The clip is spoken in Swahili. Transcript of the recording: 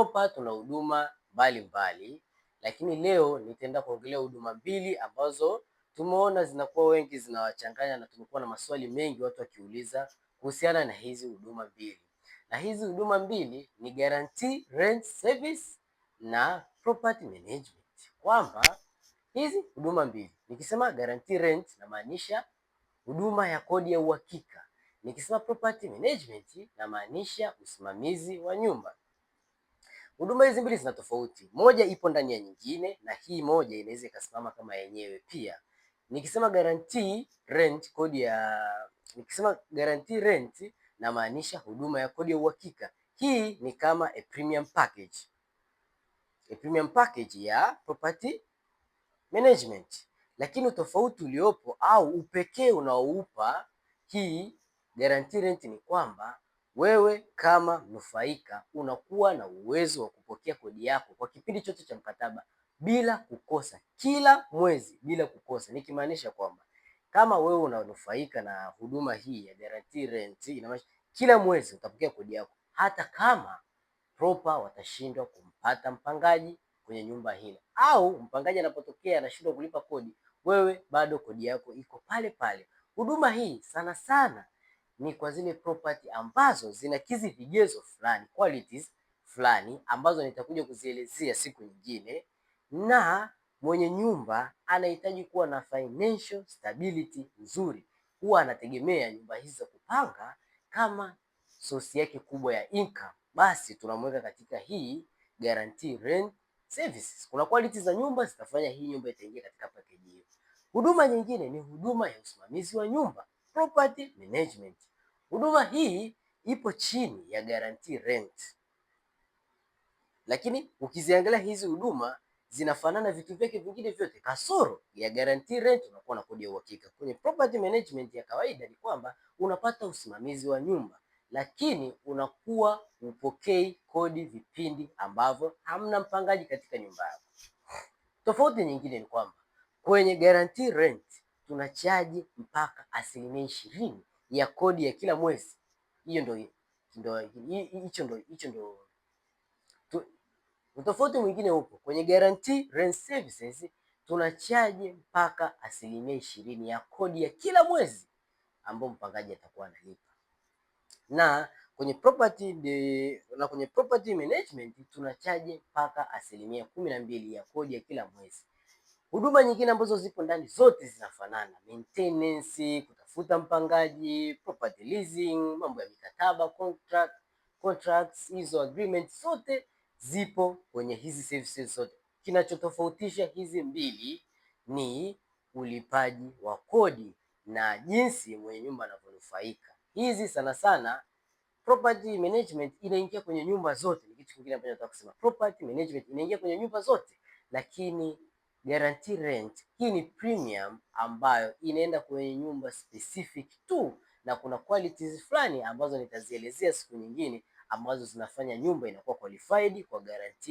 Hapa tuna huduma mbalimbali, lakini leo nitaenda kuongelea huduma mbili ambazo tumeona zinakuwa wengi zinawachanganya na tumekuwa na maswali mengi watu wakiuliza kuhusiana na hizi huduma mbili, na hizi huduma mbili ni guarantee rent service na property management, kwamba hizi huduma mbili nikisema guarantee rent namaanisha huduma ya kodi ya uhakika, nikisema property management namaanisha usimamizi wa nyumba. Huduma hizi mbili zina tofauti, moja ipo ndani ya nyingine na hii moja inaweza ikasimama kama yenyewe pia. Nikisema guarantee rent kodi ya nikisema guarantee rent namaanisha huduma ya kodi ya uhakika. Hii ni kama a premium package, a premium package ya property management, lakini utofauti uliopo au upekee unaoupa hii guarantee rent ni kwamba wewe kama mnufaika unakuwa na uwezo wa kupokea kodi yako kwa kipindi chote cha mkataba bila kukosa, kila mwezi bila kukosa, nikimaanisha kwamba kama wewe unanufaika na huduma hii ya guarantee rent, kila mwezi utapokea kodi yako, hata kama propa watashindwa kumpata mpangaji kwenye nyumba hile, au mpangaji anapotokea anashindwa kulipa kodi, wewe bado kodi yako iko pale pale. Huduma hii sana sana ni kwa zile property ambazo zinakizi vigezo fulani, qualities fulani ambazo nitakuja kuzielezea siku nyingine, na mwenye nyumba anahitaji kuwa na financial stability nzuri. Huwa anategemea nyumba hizi za kupanga kama sosi yake kubwa ya income, basi tunamweka katika hii guarantee rent services. Kuna quality za nyumba zitafanya hii nyumba itaingia katika package hiyo. Huduma nyingine ni huduma ya usimamizi wa nyumba property management. Huduma hii ipo chini ya Guarantee Rent, lakini ukiziangalia hizi huduma zinafanana vitu vyake vingine vyote, kasoro ya Guarantee Rent unakuwa na kodi ya uhakika. Kwenye property management ya kawaida ni kwamba unapata usimamizi wa nyumba, lakini unakuwa upokei kodi vipindi ambavyo hamna mpangaji katika nyumba yako. Tofauti nyingine ni kwamba kwenye Guarantee Rent tunachaji mpaka asilimia ishirini ya kodi ya kila mwezi. Hiyo ndio hicho ndio hicho ndio utofauti mwingine upo kwenye guarantee rent services, tunachaji mpaka asilimia ishirini ya kodi ya kila mwezi ambao mpangaji atakuwa analipa, na kwenye property de, na kwenye property management tunachaji mpaka asilimia kumi na mbili ya kodi ya kila mwezi. Huduma nyingine ambazo zipo ndani zote zinafanana maintenance kutafuta mpangaji, property leasing, mambo ya mikataba contract, contracts, hizo agreements zote zipo kwenye hizi services zote. Kinachotofautisha hizi mbili ni ulipaji wa kodi na jinsi mwenye nyumba anavyonufaika. Hizi sana sana property management inaingia kwenye nyumba zote, ni kitu kingine ambacho nataka kusema. Property management inaingia kwenye nyumba zote, lakini Guarantee Rent hii ni premium ambayo inaenda kwenye nyumba specific tu, na kuna qualities fulani ambazo nitazielezea siku nyingine ambazo zinafanya nyumba inakuwa qualified kwa guarantee.